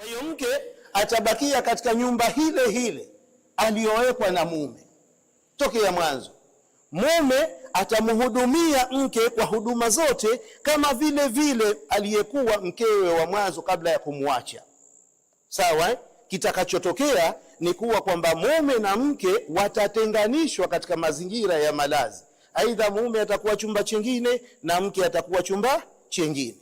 Kwa hiyo mke atabakia katika nyumba hile hile aliyowekwa na mume tokea mwanzo. Mume atamhudumia mke kwa huduma zote kama vile vile aliyekuwa mkewe wa mwanzo kabla ya kumwacha. Sawa eh? Kitakachotokea ni kuwa kwamba mume na mke watatenganishwa katika mazingira ya malazi. Aidha, mume atakuwa chumba chingine na mke atakuwa chumba chingine.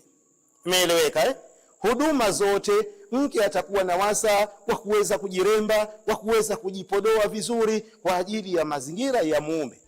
Umeeleweka eh? Huduma zote mke atakuwa na wasa wa kuweza kujiremba, wa kuweza kujipodoa vizuri kwa ajili ya mazingira ya mume.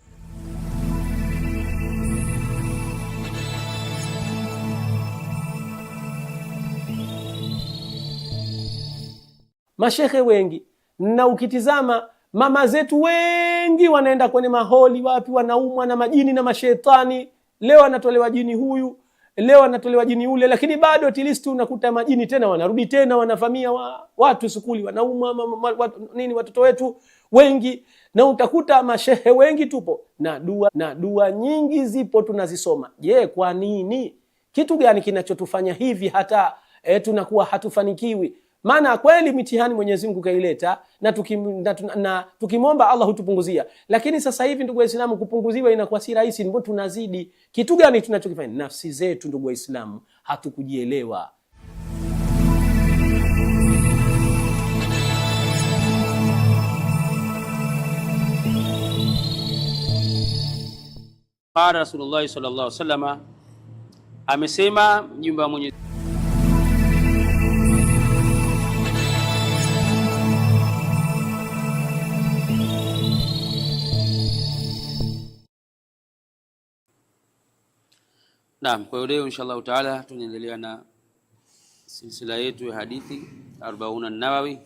Mashehe wengi na ukitizama mama zetu wengi wanaenda kwenye maholi wapi, wanaumwa na majini na mashetani. Leo anatolewa jini huyu leo anatolewa jini ule, lakini bado at least unakuta majini tena wanarudi tena wanavamia wa, watu sukuli wanauma wat, nini watoto wetu wengi, na utakuta mashehe wengi tupo na dua na dua nyingi zipo tunazisoma. Je, kwa nini? Kitu gani kinachotufanya hivi hata e, tunakuwa hatufanikiwi? maana kweli mitihani Mwenyezi Mungu kaileta na, tukim, na, na tukimwomba Allah hutupunguzia. Lakini sasa hivi ndugu Waislamu, kupunguziwa inakuwa si rahisi, ndipo tunazidi. Kitu gani tunachokifanya? Nafsi zetu ndugu Waislamu, hatukujielewa. Qala Rasulullah sallallahu alaihi wasallam, amesema mjumbe wa Mwenyezi Naam, kwa hiyo leo inshallah taala tunaendelea na silsila yetu ya hadithi Arbauna Nawawi,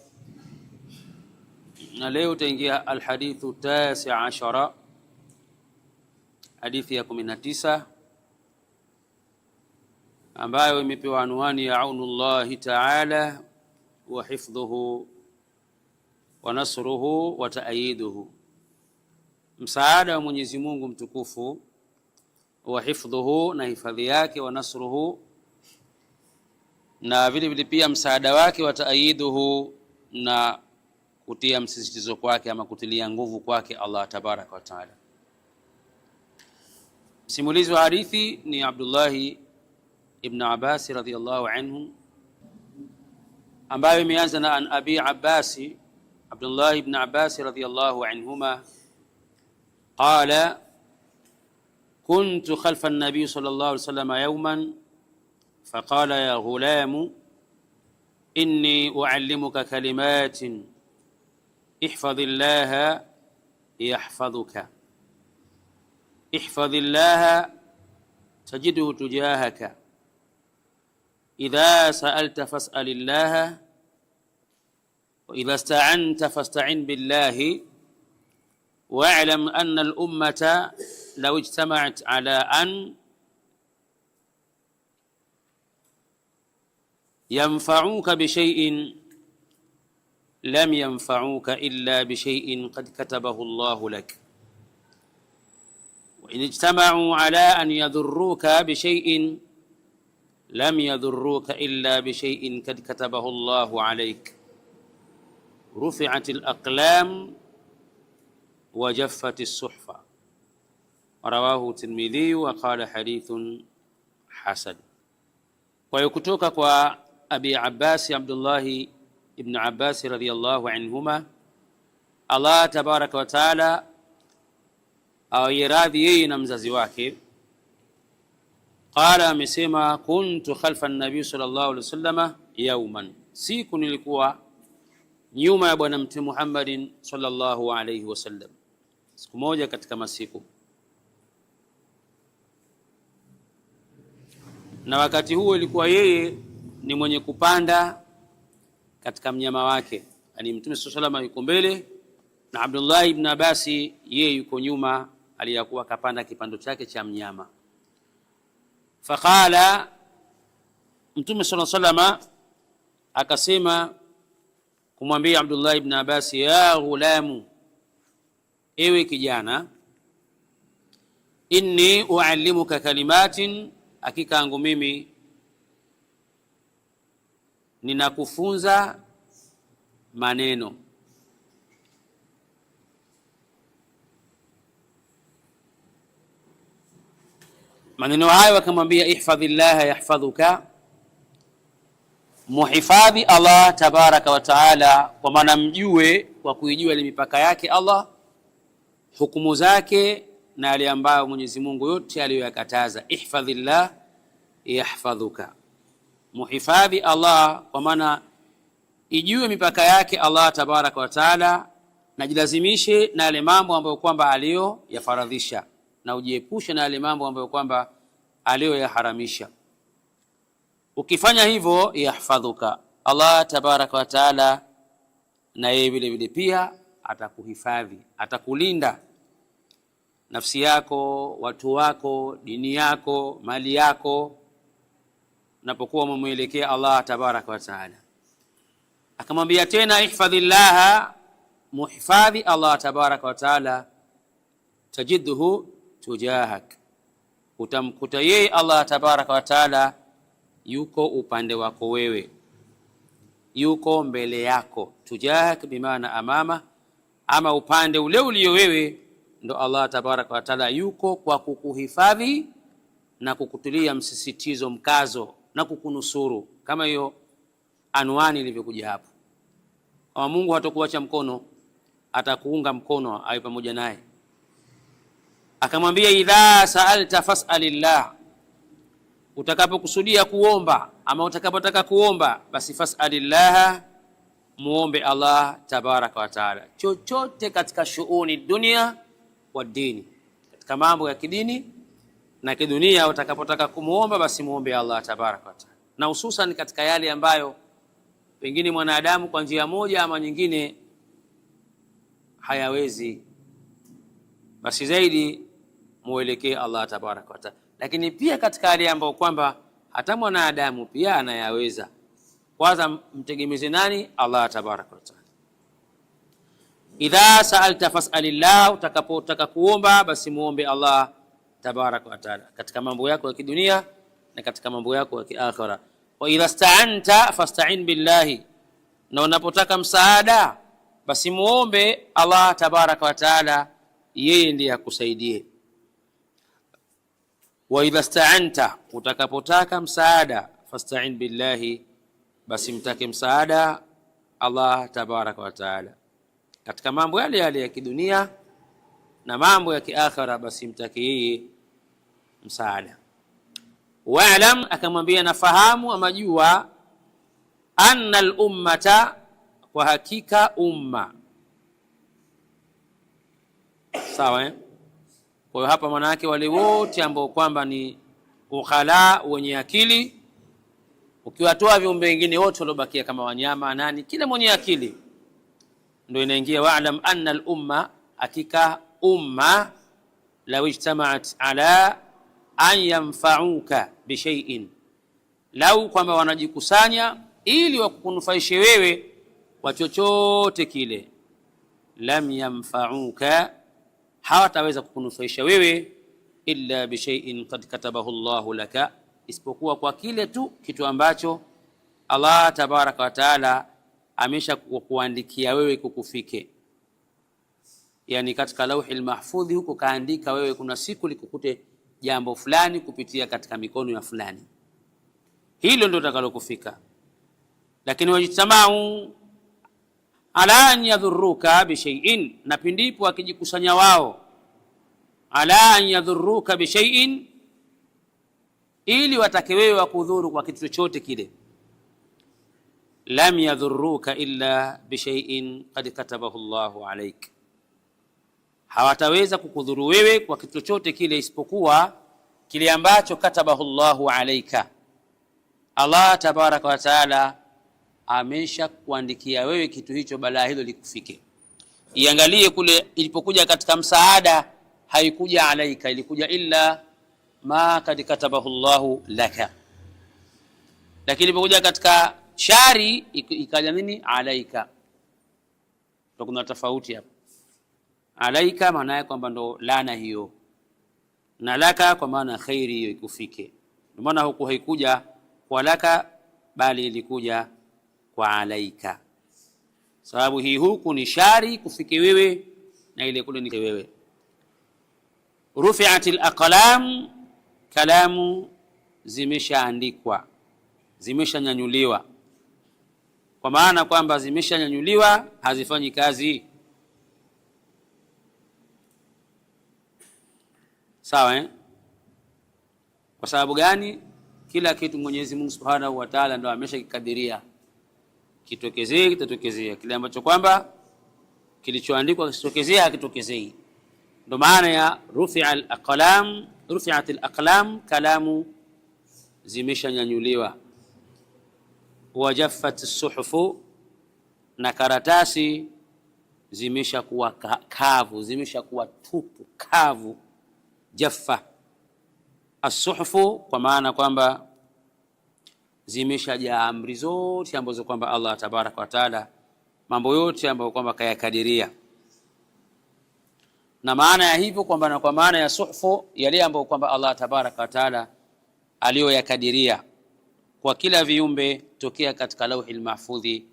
na leo utaingia alhadithu tasi ashara, hadithi ya kumi na tisa ambayo imepewa anwani ya llahi taala wa hifdhuhu wa nasruhu wa taayiduhu, msaada wa Mwenyezi Mungu mtukufu wa hifdhuhu, na hifadhi yake, wa nasruhu, na vile vile pia msaada wake, wa taayiduhu, na kutia msisitizo kwake ama kutilia nguvu kwake Allah tabaraka wa taala. Msimulizi wa hadithi ni Abdullahi ibn Abbas radhiyallahu anhu, ambayo imeanza na an abi Abbasi Abdullahi ibn Abbas radhiyallahu anhuma qala كنت خلف النبي صلى الله عليه وسلم يوما فقال يا غلام إني أعلمك كلمات احفظ الله يحفظك احفظ الله تجده تجاهك إذا سألت فاسأل الله وإذا استعنت فاستعن بالله واعلم أن الأمة لو اجتمعت على أن ينفعوك بشيء لم ينفعوك إلا بشيء قد كتبه الله لك وإن اجتمعوا على أن يضروك بشيء لم يضروك إلا بشيء قد كتبه الله عليك رفعت الأقلام وجفت الصحفة rawahu Tirmidhi wa qala hadithun hasan. Kwa hiyo kutoka kwa Abi Abbasi Abdullahi ibn Abbasi radhiyallahu anhuma, Allah tabaraka wa taala awaye yeye na mzazi wake, qala amesema, kuntu khalfa nabii sallallahu alaihi wasallama yauman, siku nilikuwa nyuma ya Bwana Mtume Muhammadin sallallahu alaihi wasallam, siku moja katika masiku na wakati huo ilikuwa yeye ni mwenye kupanda katika mnyama wake, yani Mtume swalla salama yuko mbele na Abdullah ibn abasi yeye yuko nyuma, aliyakuwa akapanda kipando chake cha mnyama. Faqala, Mtume swalla salama akasema kumwambia Abdullah ibn Abasi, ya ghulamu, ewe kijana, inni uallimuka kalimatin hakika yangu mimi ninakufunza maneno maneno hayo wakamwambia, ihfadhillaha yahfadhuka, muhifadhi Allah tabaraka wa taala, kwa maana mjue, kwa kuijua ile mipaka yake Allah, hukumu zake na yale ambayo Mwenyezi Mungu yote aliyoyakataza. Ihfadhillah yahfadhuka, muhifadhi Allah, kwa maana ijue mipaka yake Allah tabaraka wa taala, najilazimishe na yale mambo ambayo kwamba aliyoyafaradhisha, na ujiepushe na yale mambo ambayo kwamba aliyoyaharamisha. Ukifanya hivyo, yahfadhuka Allah tabaraka wa taala, na yeye vile vile pia atakuhifadhi, atakulinda nafsi yako, watu wako, dini yako, mali yako, unapokuwa umemwelekea Allah tabaraka wa taala. Akamwambia tena ihfadhillaha, muhifadhi Allah tabaraka wa taala, tajidhu tujahak, utamkuta yeye Allah tabaraka wa taala yuko upande wako wewe, yuko mbele yako. Tujahak bimaana amama, ama upande ule ulio wewe ndo Allah tabaraka wa taala yuko kwa kukuhifadhi na kukutulia msisitizo mkazo na kukunusuru, kama hiyo anwani ilivyokuja hapo, kama Mungu hatokuacha mkono, atakuunga mkono awe pamoja naye. Akamwambia, idha saalta fasalillah, utakapokusudia kuomba ama utakapotaka kuomba, basi fasalillah, muombe Allah tabaraka wa taala. Chochote katika shughuli dunia wa dini, katika mambo ya kidini na kidunia. Utakapotaka kumuomba basi muombe Allah tabaraka wa taala, na hususan katika yale ambayo pengine mwanadamu kwa njia moja ama nyingine hayawezi, basi zaidi muelekee Allah tabaraka wa taala. Lakini pia katika yale ambayo kwamba hata mwanadamu pia anayaweza, kwanza mtegemeze nani? Allah tabaraka wa taala idha saalta fasalillah, utakapotaka kuomba basi muombe Allah tabaraka wa taala katika mambo yako ya kidunia na katika mambo yako ya kiakhira. Wa idha staanta fastain billahi, na unapotaka msaada basi muombe Allah tabaraka wa taala, yeye ndiye akusaidie. Wa idha staanta, utakapotaka msaada fastain billahi, basi mtake msaada Allah tabaraka wa taala katika mambo yale yale ya kidunia na mambo ya kiakhira, basi yeye msaada. Waalam, akamwambia nafahamu ama jua, anna al-ummata, kwa hakika umma. Sawa eh? Kwa hiyo hapa yake wale wote ambao kwamba ni ukhala wenye akili, ukiwatoa viumbe wengine wote waliobakia kama wanyama nani, kila mwenye akili ndio inaingia wa'lam anna al-umma, hakika umma lau ijtama'at ala an yanfa'uka bi shay'in, lau kwamba wanajikusanya ili wakunufaishe wewe kwa chochote kile, lam yanfa'uka, hawataweza kukunufaisha wewe illa bi shay'in qad katabahu Allahu laka, isipokuwa kwa kile tu kitu ambacho Allah tabaraka wa taala amesha kuandikia wewe kukufike, yani katika lauhi lmahfudhi huko kaandika wewe, kuna siku likukute jambo fulani kupitia katika mikono ya fulani, hilo ndio utakalokufika. Lakini wajitamau ala an yadhuruka bishaiin, na pindipo akijikusanya wao, ala an yadhuruka bishaiin, ili watake wewe wakudhuru kwa kitu chochote kile lam yadhuruka illa bishaiin qad katabahu Allahu alaik, hawataweza kukudhuru wewe kwa kitu chochote kile isipokuwa kile ambacho katabahu Llahu alaika, Allah tabaraka wa taala amesha kuandikia wewe kitu hicho, balaa hilo likufike. Iangalie kule ilipokuja katika msaada, haikuja alaika, ilikuja illa ma kad katabahu Llahu laka, lakini ilipokuja katika shari ikaja nini alaika. Ndio kuna tofauti hapo Alaika maana yake kwamba ndo lana hiyo, na laka kwa maana khairi hiyo ikufike. Ndio maana huku haikuja kwa laka, bali ilikuja kwa alaika, sababu hii huku ni shari kufike wewe na ile kule ni wewe. Rufi'at al kalamu zimeshaandikwa, zimeshanyanyuliwa kwa maana kwamba zimeshanyanyuliwa hazifanyi kazi sawa eh? Kwa sababu gani? Kila kitu Mwenyezi Mungu Subhanahu wa Ta'ala ndo ameshakikadiria, kitokezee kitatokezea, kile ambacho kwamba kilichoandikwa kitokezea akitokezei Ndo maana ya rufi'a al-aqlam, rufi'at al-aqlam, kalamu zimeshanyanyuliwa wajaffat suhufu, na karatasi zimeshakuwa kavu, zimeshakuwa tupu kavu. Jaffa asuhufu, kwa maana kwamba zimeshajaa amri zote ambazo kwamba Allah tabaraka wa taala, mambo yote ambayo kwamba kayakadiria. Na maana ya hivyo kwamba na kwa maana ya suhufu, yale ambayo kwamba Allah tabaraka wa taala aliyoyakadiria kwa kila viumbe tokea katika lauhi lmahfudhi,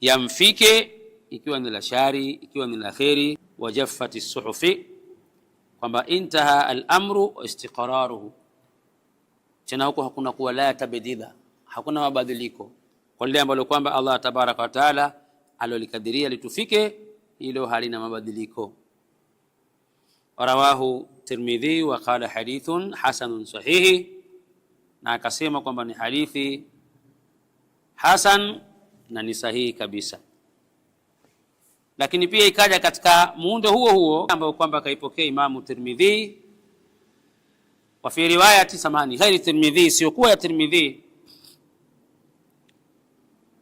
yamfike ikiwa ni la shari, ikiwa ni la kheri. Wajaffati suhufi, kwamba intaha alamru wa istiqraruhu, tena huko hakuna kuwa la tabdila, hakuna mabadiliko kwa lile ambalo kwamba Allah tabaraka wa taala alolikadiria litufike, hilo halina mabadiliko. Rawahu Tirmidhi wa qala hadithun hasanun sahihi na akasema kwamba ni hadithi hasan na ni sahihi kabisa. Lakini pia ikaja katika muundo huo huo ambao kwamba akaipokea Imamu Tirmidhi wafi fi riwayati samani ghairi Tirmidhi, isiyokuwa ya Tirmidhi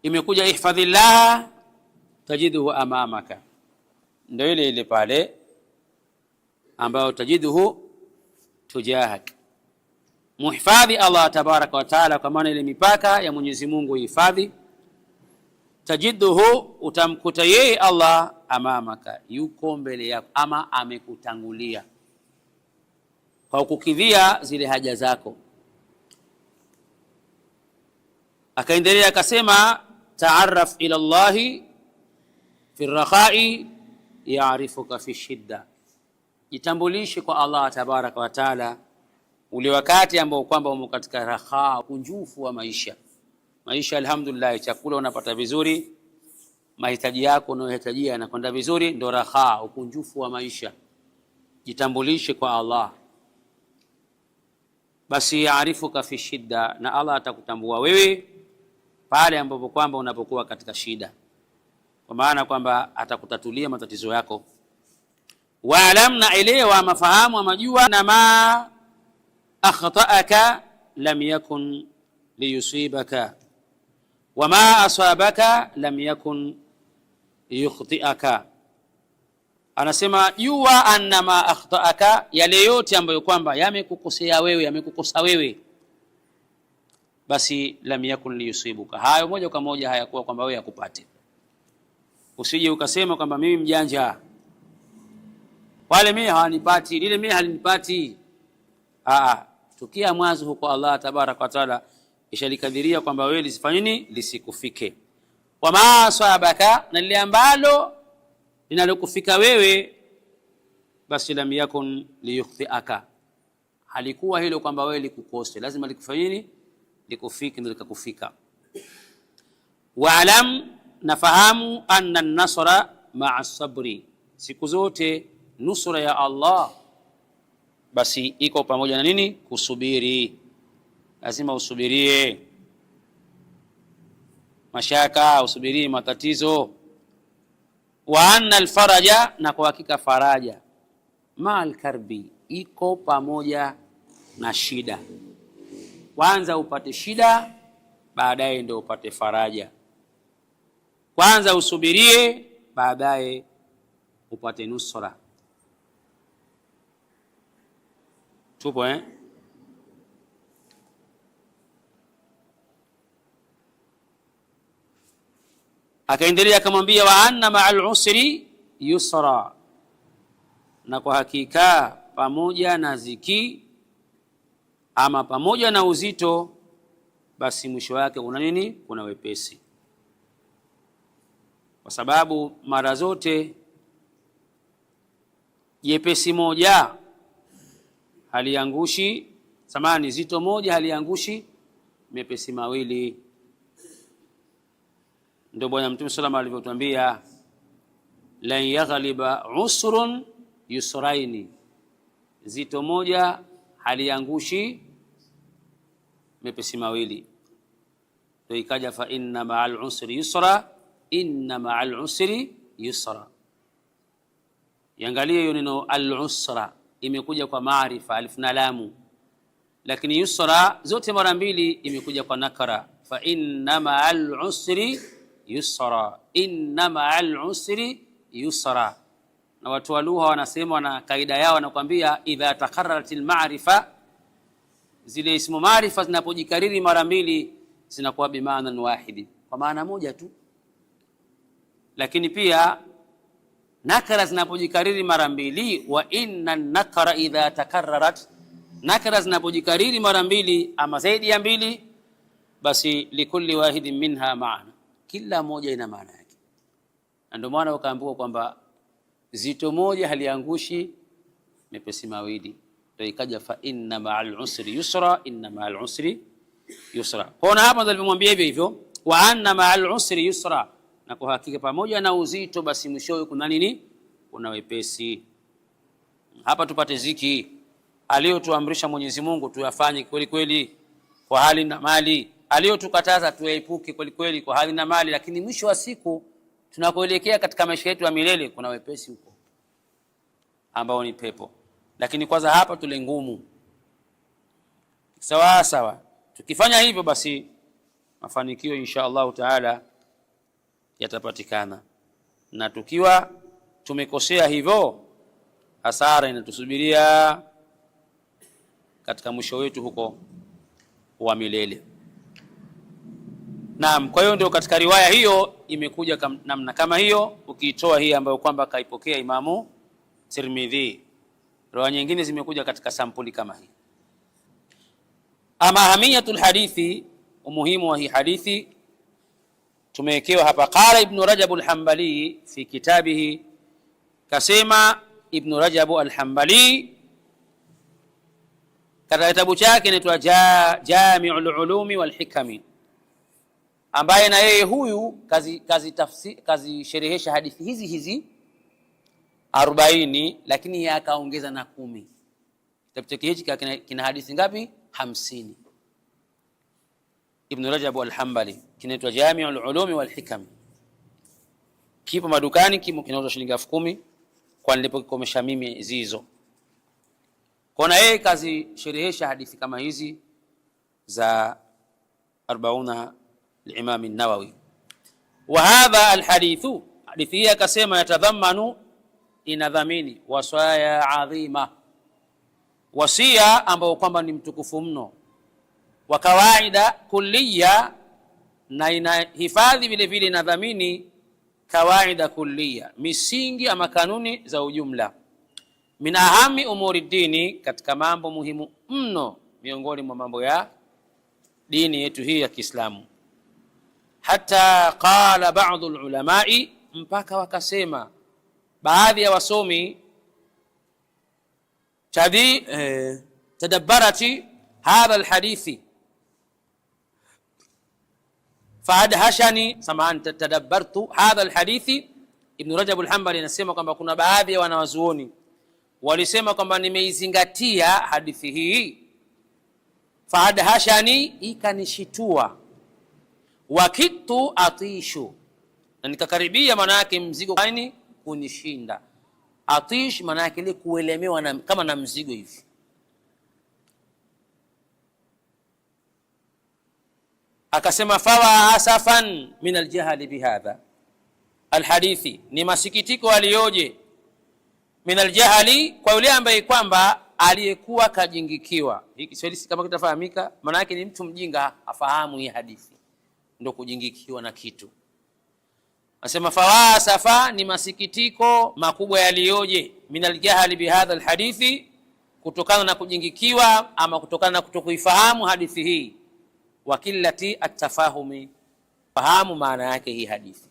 imekuja ihfadhillaha tajiduhu amamaka, ndio ile ile pale ambayo tajiduhu tujahak muhifadhi Allah tabaraka wa taala, kwa maana ile mipaka ya Mwenyezi Mungu ihifadhi. Tajiduhu, utamkuta yeye Allah amamaka, yuko mbele yako, ama amekutangulia kwa kukidhia zile haja zako. Akaendelea akasema, taarraf ila llahi fi rakhai yaarifuka fi shidda, jitambulishe kwa Allah tabaraka wa taala ule wakati ambao kwamba umo katika raha kunjufu wa maisha. Maisha alhamdulillah, chakula unapata vizuri, mahitaji yako unayohitaji yanakwenda vizuri, ndo raha, ukunjufu wa maisha. Jitambulishe kwa Allah, basi yaarifuka fi shidda, na Allah atakutambua wewe pale ambapo kwamba unapokuwa katika shida, kwa maana kwamba atakutatulia matatizo yako. Waalam, na elewa, mafahamu, amajua na ma akhtaaka lam yakun liyusibaka wama asabaka lam yakun yukhtiaka. Anasema jua annama akhtaaka, yale yote ambayo kwamba yamekukosea wewe, yamekukosa wewe, basi lam yakun liyusibuka, hayo moja kwa moja hayakuwa kwamba wewe yakupate. Usije ukasema kwamba mimi mjanja, wale mimi hawanipati, lile mimi halinipati. Aa, tukia mwanzo huko, Allah tabaraka wa taala ishalikadhiria kwamba wewe lisifanye nini, lisikufike. Wama asabaka, na lile ambalo linalokufika wewe, basi lam yakun liyukhtiaka, halikuwa hilo kwamba wewe likukose, lazima likufanye nini, likufike, ndio likakufika. Waalam, nafahamu anna nasra maa sabri, siku zote nusra ya Allah basi iko pamoja na nini? Kusubiri, lazima usubirie mashaka, usubirie matatizo. Wa anna alfaraja, na kwa hakika faraja, ma alkarbi, iko pamoja na shida. Kwanza upate shida, baadaye ndio upate faraja. Kwanza usubirie, baadaye upate nusra. Tupo eh? Akaendelea akamwambia, wa anna ma'al usri yusra, na kwa hakika pamoja na ziki ama pamoja na uzito, basi mwisho wake kuna nini? Kuna wepesi, kwa sababu mara zote jepesi moja haliangushi samani zito moja haliangushi mepesi mawili. Ndio Bwana Mtume salama alivyotuambia, lan yaghliba usrun yusraini, zito moja haliangushi mepesi mawili. Ndio ikaja fa inna ma'al usri yusra, inna ma'al usri yusra. Yangalia hiyo neno al usra imekuja kwa maarifa alif na lamu, lakini yusra zote mara mbili imekuja kwa nakara, fa inna al usri yusra, inna al usri yusra. Na watu wa lugha wanasema na kaida yao wanakwambia, idha takarrarat almaarifa, zile ismu maarifa zinapojikariri mara mbili zinakuwa bimaana wahidi, kwa maana moja tu, lakini pia nakara zinapojikariri mara mbili, wa inna nakara idha takararat nakara zinapojikariri mara mbili ama zaidi ya mbili, basi likulli wahidin minha maana, kila moja ina maana yake. Na ndio maana ukaambiwa kwamba zito moja haliangushi mepesi mawili, ndio ikaja fa inna ma'al usri yusra, inna ma'al usri yusra. Kwaona hapo ndio alimwambia hivyo hivyo, wa anna ma'al usri yusra na kwa hakika pamoja na uzito, basi mwishowe kuna nini? Kuna wepesi. Hapa tupate ziki aliyotuamrisha Mwenyezi Mungu tuyafanye kweli kweli kwa hali na mali, aliyotukataza tuyaepuke kweli kweli kwa hali na mali, lakini mwisho wa siku tunakoelekea katika maisha yetu ya milele kuna wepesi huko ambao ni pepo. Lakini kwanza hapa tule ngumu, sawa sawa. Tukifanya hivyo basi mafanikio insha Allahu taala yatapatikana, na tukiwa tumekosea hivyo, hasara inatusubiria katika mwisho wetu huko wa milele. Naam, kwa hiyo ndio katika riwaya hiyo imekuja kam, namna kama hiyo, ukiitoa hii ambayo kwamba kaipokea Imamu Tirmidhi. Riwaya nyingine zimekuja katika sampuli kama hii. Ama ahamiyatul hadithi, umuhimu wa hii hadithi tumewekewa hapa. Qala Ibnu Rajab Alhambali fi kitabihi, kasema Ibnu Rajabu Alhambali katika kitabu chake inaitwa Jamiu Lulumi Walhikami, ambaye na yeye huyu kazisherehesha kazi kazi hadithi hizi hizi arobaini, lakini yeye akaongeza na kumi. Kitabu chake hichi kina hadithi ngapi? hamsini. Ibn Rajab al-Hanbali kinaitwa Jami'ul Ulumi wal Hikam, kipo madukani, kimo kinauzwa shilingi elfu kumi kwa kikomesha mimi zizo. Kona yeye sherehesha hadithi kama hizi za 40 al-Imam an-Nawawi. Wa hadha alhadithu, hadithi hii akasema, yatadhamanu, inadhamini wasaya adhima, wasia ambao kwamba ni mtukufu mno wa kawaida kulliya, na inahifadhi vile vile inadhamini kawaida kulliya, misingi ama kanuni za ujumla. Min ahami umuri dini, katika mambo muhimu mno miongoni mwa mambo ya dini yetu hii ya Kiislamu. Hata qala ba'd ulamai, mpaka wakasema baadhi ya wasomi tadi eh, tadabarati hadha alhadithi faadhashani samahani, tadabartu hadha lhadithi Ibn Rajab lhambali anasema kwamba kuna baadhi ya wanawazuoni walisema kwamba nimeizingatia hadithi hii, faadhashani, ikanishitua, wakitu atishu, na nikakaribia, maana yake mzigo kunishinda. Atish maana yake ile kuelemewa kama na mzigo hivi akasema fawa asafan min aljahali bihadha alhadithi, ni masikitiko aliyoje! Min aljahali kwa yule ambaye kwamba aliyekuwa kajingikiwa. Hiki Kiswahili kama kitafahamika, maana yake ni mtu mjinga afahamu hii hadithi, ndio kujingikiwa na kitu. Anasema fawasafa ni masikitiko makubwa yaliyoje! Min aljahali bihadha alhadithi, kutokana na kujingikiwa ama kutokana na kutokuifahamu hadithi hii wa killati atafahumi, fahamu maana yake hii hadithi.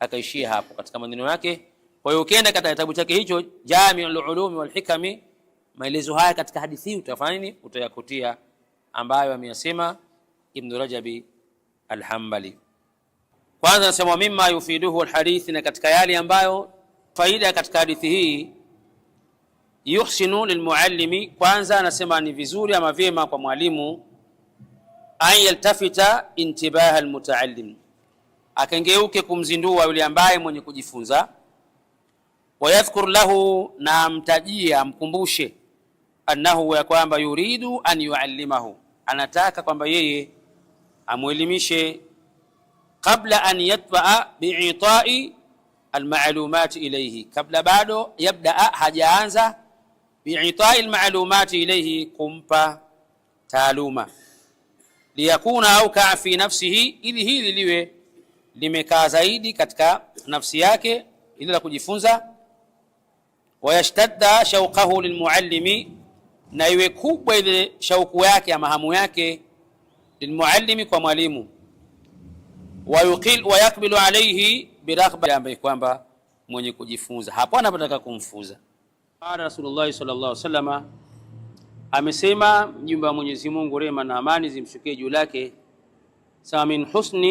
Akaishia hapo katika maneno yake. Kwa hiyo ukienda katika kitabu chake hicho Jamiul Ulumi wal Hikami, maelezo haya katika hadithi utafanya nini? Utayakutia ambayo ameyasema Ibn Rajabi Alhambali. Kwanza anasema mimma yufiduhu alhadithi, na katika yale ambayo faida katika hadithi hii yuhsinu lilmuallimi, kwanza anasema ni vizuri ama vyema kwa mwalimu an yaltafita intibaha almutaallim, akengeuke kumzindua yule ambaye mwenye kujifunza. Wayadhkur lahu, na amtajie amkumbushe, annahu, ya kwamba yuridu an yuallimahu, anataka kwamba yeye amwelimishe, qabla an yatbaa biitai almalumati ilayhi, kabla bado yabdaa, hajaanza biitai almalumati ilayhi, kumpa taaluma liyakuna aukaa fi nafsihi, ili hili liwe limekaa zaidi katika nafsi yake, ili la kujifunza. Wayashtadda shauqahu lilmuallimi, na iwe kubwa ile shauku yake ama hamu yake, lilmuallimi, kwa mwalimu. Wayakbilu alayhi biraghba, ambaye kwamba mwenye kujifunza hapo anapotaka kumfunza. Qala Rasulullah sallallahu alaihi wasallam Amesema mjumbe wa Mwenyezi Mungu, rehema na amani zimshukie juu lake, sa min husni